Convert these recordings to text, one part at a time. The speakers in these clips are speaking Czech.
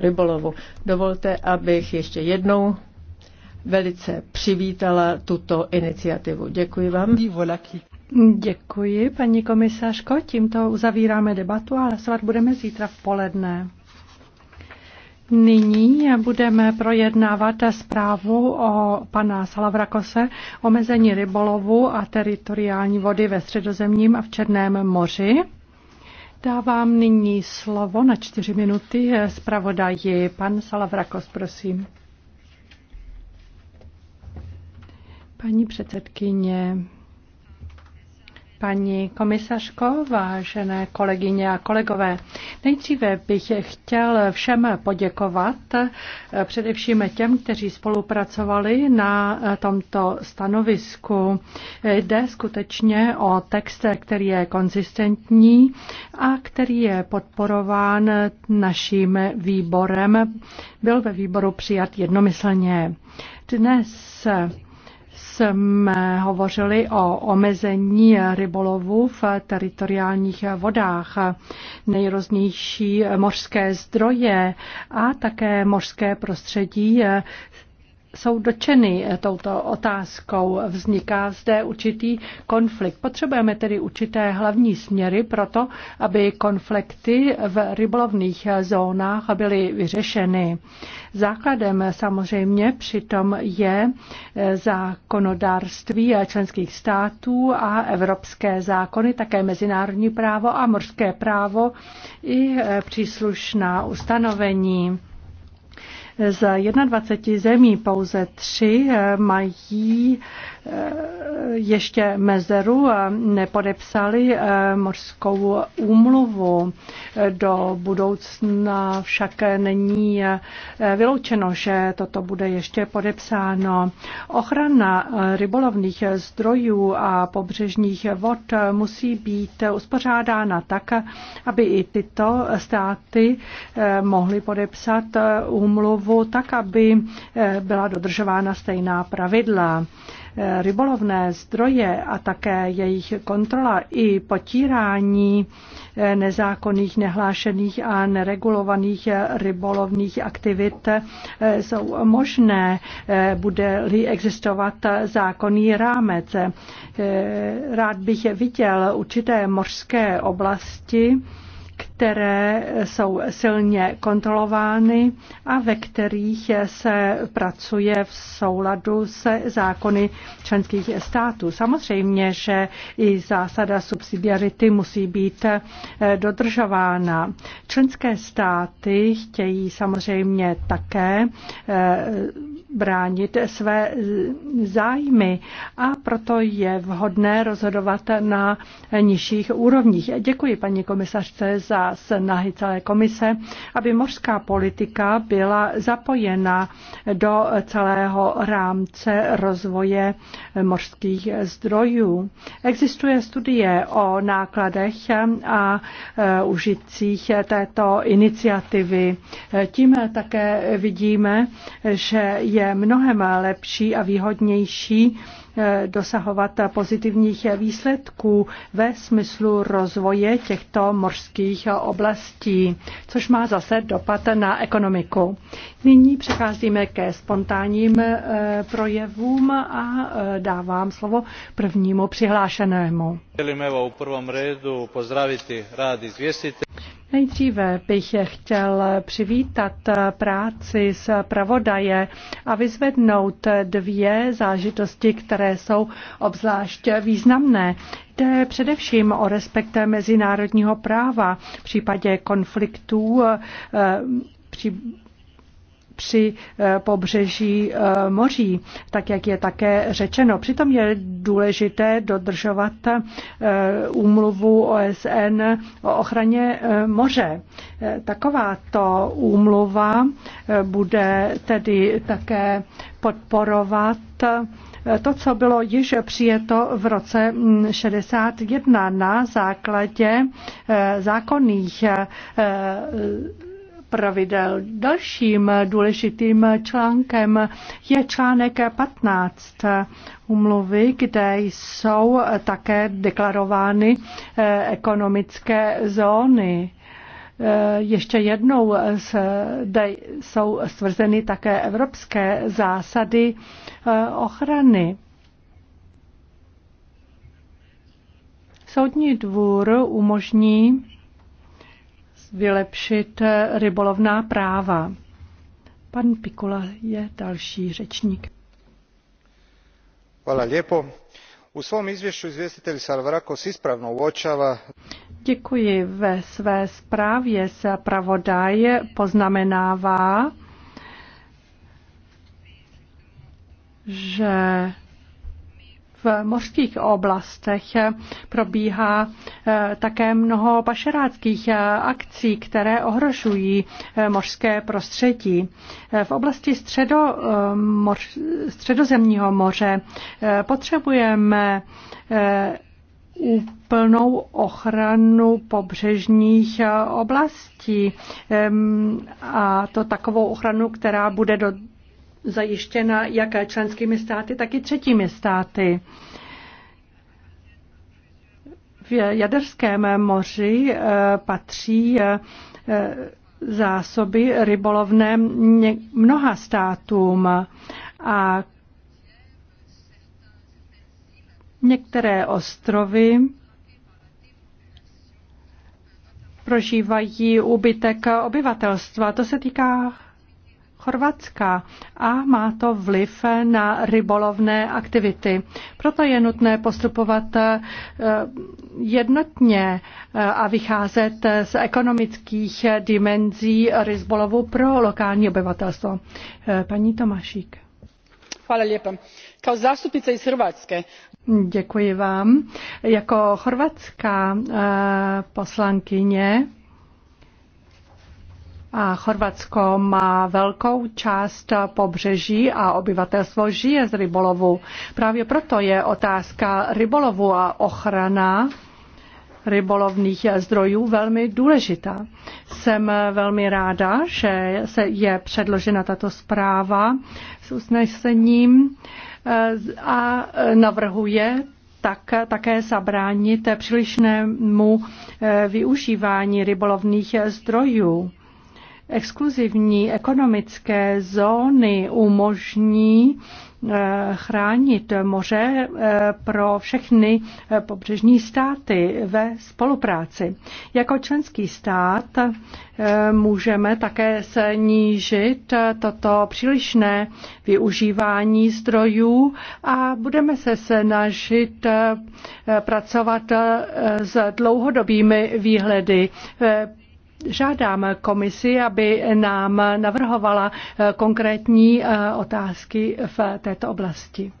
rybolovu. Dovolte, abych ještě jednou velice přivítala tuto iniciativu. Děkuji vám. Děkuji, paní komisařko. Tímto uzavíráme debatu a hlasovat budeme zítra v poledne. Nyní budeme projednávat zprávu o pana Salavrakose omezení rybolovu a teritoriální vody ve Středozemním a v Černém moři. Dávám nyní slovo na čtyři minuty zpravodaji. Pan Salavrakos, prosím. Paní předsedkyně, Paní komisařko, vážené kolegyně a kolegové, nejdříve bych chtěl všem poděkovat, eh, především těm, kteří spolupracovali na eh, tomto stanovisku. Jde skutečně o text, který je konzistentní a který je podporován naším výborem. Byl ve výboru přijat jednomyslně. Dnes jsme hovořili o omezení rybolovu v teritoriálních vodách, nejroznější mořské zdroje a také mořské prostředí jsou dočeny eh, touto otázkou. Vzniká zde určitý konflikt. Potřebujeme tedy určité hlavní směry pro to, aby konflikty v rybolovných eh, zónách byly vyřešeny. Základem samozřejmě přitom je eh, zákonodárství členských států a evropské zákony, také mezinárodní právo a mořské právo i příslušná ustanovení. Z 21 zemí pouze tři eh, mají eh, ještě mezeru a nepodepsali eh, mořskou úmluvu. Do budoucna však není vyloučeno, že toto bude ještě podepsáno. Ochrana rybolovných zdrojů a pobřežních vod musí být uspořádána tak, aby i tyto státy mohly podepsat úmluvu rybolovu tak, aby eh, byla dodržována stejná pravidla. Eh, rybolovné zdroje a také jejich kontrola i potírání eh, nezákonných, nehlášených a neregulovaných rybolovných aktivit jsou možné, bude-li existovat zákonný rámec. Rád bych viděl určité mořské oblasti, které jsou silně kontrolovány a ve kterých se pracuje v souladu se zákony členských států. Samozřejmě, že i zásada subsidiarity musí být eh, dodržována. Členské státy chtějí samozřejmě také eh, bránit své zájmy a proto je vhodné rozhodovat na nižších úrovních. Děkuji paní komisařce za snahy celé komise, aby mořská politika byla zapojena do celého rámce rozvoje mořských zdrojů. Existuje studie o nákladech a e, užitcích této iniciativy. Tím také vidíme, že je mnohem lepší a výhodnější dosahovat pozitivních výsledků ve smyslu rozvoje těchto mořských oblastí, což má zase dopad na ekonomiku. Nyní přecházíme ke spontánním eh, projevům a eh, dávám slovo prvnímu přihlášenému. Želim v prvom redu pozdraviti rad izvjestitelja Nejdříve bych chtěl přivítat práci s pravodaje a vyzvednout dvě zážitosti, které jsou obzvlášť významné. Jde především o respekt mezinárodního práva v případě konfliktů eh, při při eh, pobřeží eh, moří, tak jak je také řečeno. Přitom je důležité dodržovat eh, úmluvu OSN o ochraně moře. Takováto úmluva bude tedy také podporovat to, co bylo již přijeto v roce 61 mm, na základě zákonných pravidel. Dalším důležitým článkem je článek 15 umluvy, kde jsou také deklarovány eh, ekonomické zóny. Eh, ještě jednou zde jsou stvrzeny také evropské zásady eh, ochrany. Soudní dvůr umožní vylepšit eh, rybolovná práva. Pan Pikula je další řečník. Hvala lepo. U svom izvješću izvjestitelj Salvarakos ispravno uočava Děkuji. Ve své zprávě se pravodaj poznamenává, že v mořských oblastech probíhá eh, také mnoho pašeráckých eh, akcí, které ohrožují eh, mořské prostředí. V oblasti středo, mor, středozemního moře potřebujeme úplnou ochranu pobřežních oblastí a to takovou ochranu, která bude do zajištěna jak členskými státy, tak i třetími státy. V Jaderském moři eh, patří eh, zásoby rybolovné mnoha státům a některé ostrovy prožívají úbytek obyvatelstva. To se týká Chorvatska a má to vliv na rybolovné aktivity. Proto je nutné postupovat eh, jednotně eh, a vycházet z ekonomických dimenzí rybolovu pro lokální obyvatelstvo. Eh, paní Tomášík. Hvala lijepa. Kao zastupnica iz Hrvatske Děkuji vám. Jako chorvatská poslankyně a Chorvatsko má velkou část pobřeží a obyvatelstvo žije z rybolovu. Právě proto je otázka rybolovu a ochrana rybolovných zdrojů velmi důležitá. Jsem velmi ráda, že se je předložena tato zpráva s usnesením eh, a navrhuje tak také zabránit přílišnému eh, využívání rybolovných zdrojů exkluzivní ekonomické zóny umožní eh, chránit moře eh, pro všechny eh, pobřežní státy ve spolupráci. Jako členský stát můžeme také snížit toto přílišné využívání zdrojů a budeme se snažit pracovat s dlouhodobými výhledy Žádám komisi, aby nám navrhovala eh, konkrétní eh, otázky v této oblasti.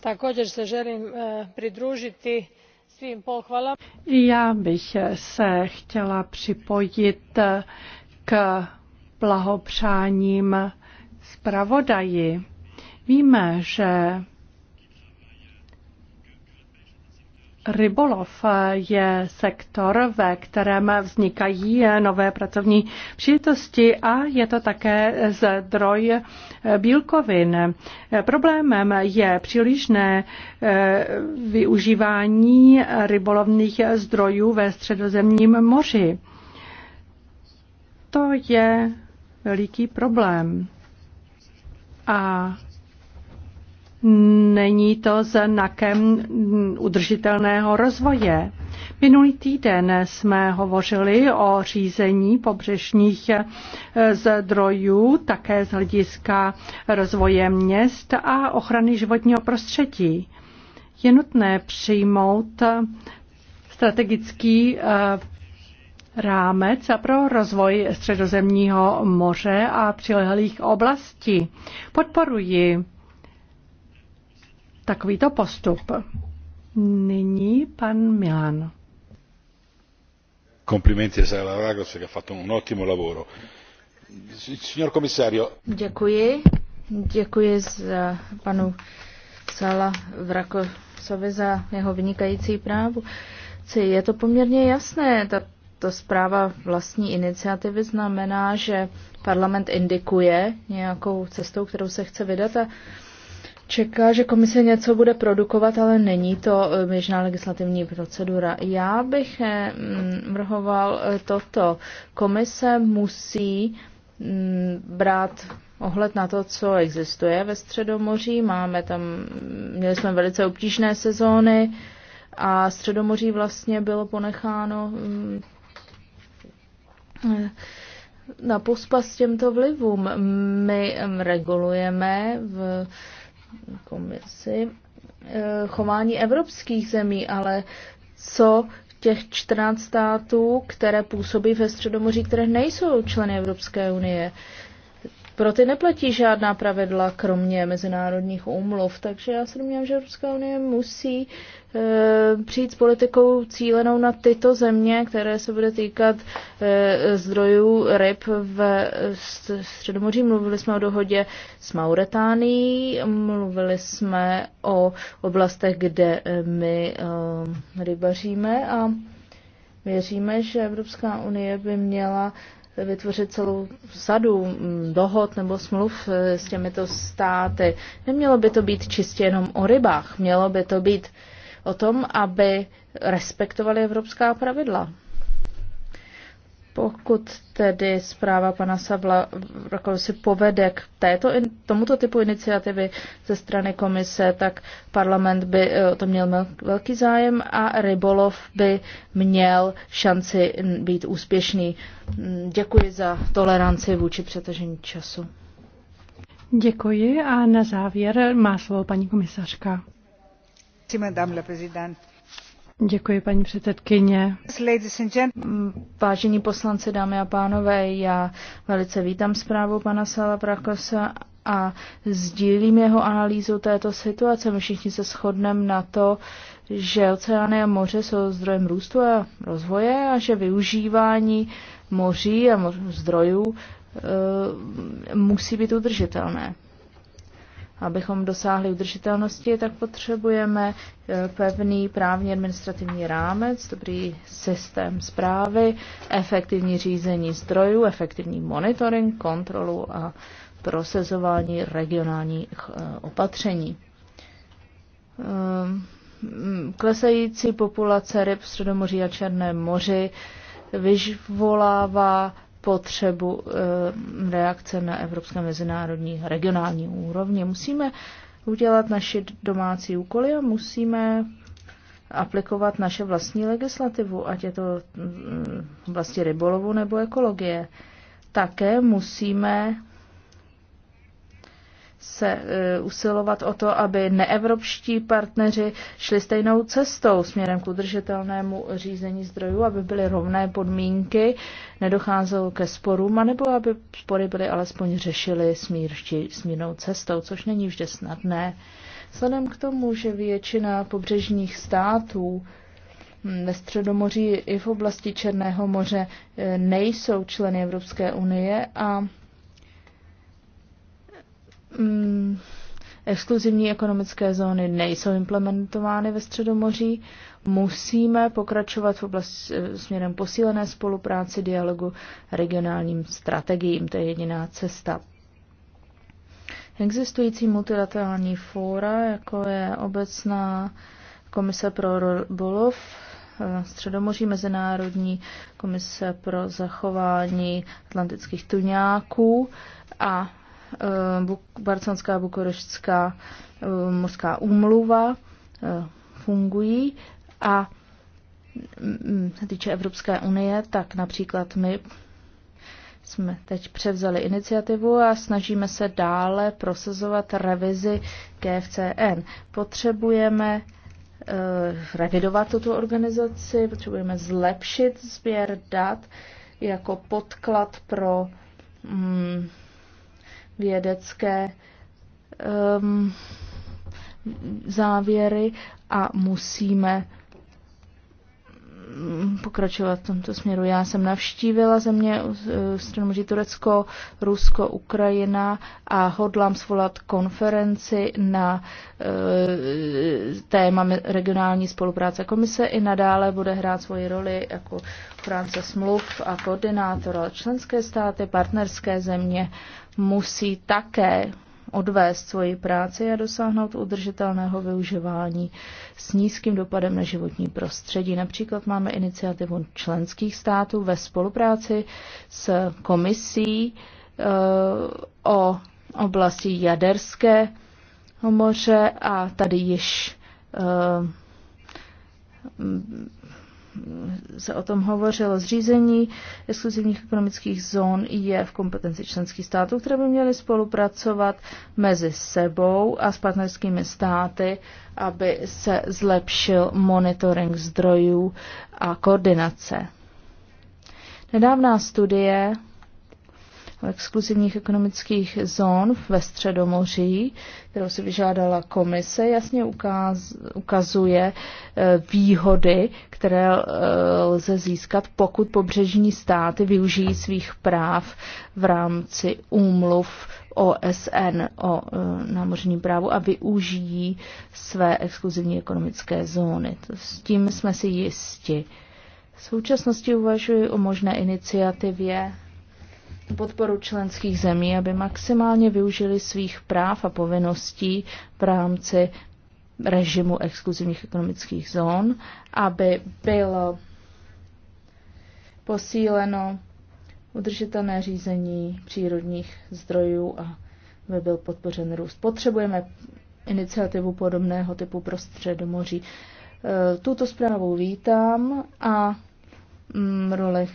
Također se želim eh, pridružiti svým pochvalám. Já bych se chtěla připojit k blahopřáním zpravodaji. Víme, že Rybolov je sektor, ve kterém vznikají nové pracovní příležitosti a je to také zdroj bílkovin. Problémem je přílišné eh, využívání rybolovných zdrojů ve středozemním moři. To je veliký problém. A Není to znakem udržitelného rozvoje. Minulý týden jsme hovořili o řízení pobřežních eh, zdrojů, také z hlediska rozvoje měst a ochrany životního prostředí. Je nutné přijmout eh, strategický eh, rámec pro rozvoj středozemního moře a přilehlých oblastí. Podporuji takovýto postup. Nyní pan Milan. Komplimenti a Sara Lagos, che ha fatto un ottimo lavoro. Signor commissario. Děkuji. Děkuji za panu Sala Vrakosovi za jeho vynikající právu. Je to poměrně jasné, ta to zpráva vlastní iniciativy znamená, že parlament indikuje nějakou cestou, kterou se chce vydat a čeká, že komise něco bude produkovat, ale není to eh, běžná legislativní procedura. Já bych eh, mm, vrhoval eh, toto. Komise musí mm, brát ohled na to, co existuje ve Středomoří. Máme tam, měli jsme velice obtížné sezóny a Středomoří vlastně bylo ponecháno mm, na pospas těmto vlivům. My regulujeme v komisi eh, chování evropských zemí, ale co těch 14 států, které působí ve Středomoří, které nejsou členy Evropské unie. Pro ty neplatí žádná pravidla, kromě mezinárodních úmluv, takže já se domnívám, že Evropská unie musí e, přijít s politikou cílenou na tyto země, které se bude týkat e, zdrojů ryb v Středomoří. Mluvili jsme o dohodě s Mauretánií, mluvili jsme o oblastech, kde e, my e, rybaříme a Věříme, že Evropská unie by měla vytvořit celou sadu mm, dohod nebo smluv eh, s těmito státy. Nemělo by to být čistě jenom o rybách, mělo by to být o tom, aby respektovali evropská pravidla. Pokud tedy zpráva pana Savla si povede k této, tomuto typu iniciativy ze strany komise, tak parlament by eh, o to měl velký zájem a rybolov by měl šanci být úspěšný. Mm, děkuji za toleranci vůči přetažení času. Děkuji a na závěr má slovo paní komisařka. Madame la présidente. Děkuji, paní předsedkyně. Vážení poslanci, dámy a pánové, já velice vítám zprávu pana Sala Prakosa a sdílím jeho analýzu této situace. My všichni se shodneme na to, že oceány a moře jsou zdrojem růstu a rozvoje a že využívání moří a zdrojů eh, musí být udržitelné. Abychom dosáhli udržitelnosti, tak potřebujeme eh, pevný právní administrativní rámec, dobrý systém zprávy, efektivní řízení zdrojů, efektivní monitoring, kontrolu a prosazování regionálních eh, opatření. Ehm, klesající populace ryb v Středomoří a Černém moři vyvolává potřebu eh, reakce na evropské mezinárodní regionální úrovni. Musíme udělat naše domácí úkoly a musíme aplikovat naše vlastní legislativu, ať je to vlastně rybolovu nebo ekologie. Také musíme se e, usilovat o to, aby neevropští partneři šli stejnou cestou směrem k udržitelnému řízení zdrojů, aby byly rovné podmínky, nedocházelo ke sporům, anebo aby spory byly alespoň řešily smírči, smírnou cestou, což není vždy snadné. Vzhledem k tomu, že většina pobřežních států hm, ve Středomoří i v oblasti Černého moře e, nejsou členy Evropské unie a mm, exkluzivní ekonomické zóny nejsou implementovány ve Středomoří. Musíme pokračovat v oblasti eh, směrem posílené spolupráci, dialogu, regionálním strategiím. To je jediná cesta. Existující multilaterální fóra, jako je obecná komise pro rybolov, eh, Středomoří Mezinárodní komise pro zachování atlantických tuňáků a Eh, a bukureštská eh, mořská úmluva eh, fungují a mm, mm, se týče Evropské unie, tak například my jsme teď převzali iniciativu a snažíme se dále prosazovat revizi KFCN Potřebujeme revidovat tuto organizaci, potřebujeme zlepšit sběr dat jako podklad pro mm, vědecké um, závěry a musíme mm, pokračovat v tomto směru. Já jsem navštívila země eh, Středomoří Turecko, Rusko, Ukrajina a hodlám svolat konferenci na e, téma regionální spolupráce. Komise i nadále bude hrát svoji roli jako ochránce smluv a koordinátora. Členské státy, partnerské země musí také odvést svoji práci a dosáhnout udržitelného využívání s nízkým dopadem na životní prostředí. Například máme iniciativu členských států ve spolupráci s komisí eh, o oblasti Jaderské moře a tady již eh, se o tom hovořilo. Zřízení exkluzivních ekonomických zón je v kompetenci členských států, které by měly spolupracovat mezi sebou a s partnerskými státy, aby se zlepšil monitoring zdrojů a koordinace. Nedávná studie exkluzivních ekonomických zón ve Středomoří, kterou si vyžádala komise, jasně ukaz, ukazuje e, výhody, které e, lze získat, pokud pobřežní státy využijí svých práv v rámci úmluv OSN o e, námořním právu a využijí své exkluzivní ekonomické zóny. S tím jsme si jisti. V současnosti uvažuji o možné iniciativě podporu členských zemí, aby maximálně využili svých práv a povinností v rámci režimu exkluzivních ekonomických zón, aby bylo posíleno udržitelné řízení přírodních zdrojů a aby byl podpořen růst. Potřebujeme iniciativu podobného typu pro středomoří. E, tuto zprávu vítám a mm, roli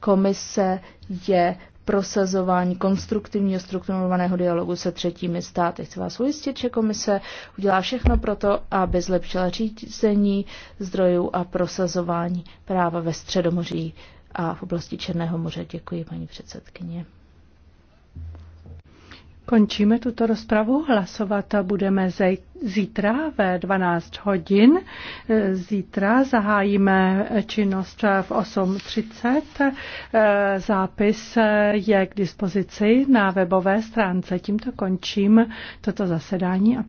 komise je prosazování konstruktivního strukturovaného dialogu se třetími státy. Chci vás ujistit, že komise udělá všechno pro to, aby zlepšila řízení zdrojů a prosazování práva ve Středomoří a v oblasti Černého moře. Děkuji, paní předsedkyně. Končíme tuto rozpravu. Hlasovat budeme zítra ve 12 hodin. Zítra zahájíme činnost v 8.30. Zápis je k dispozici na webové stránce. Tímto končím toto zasedání.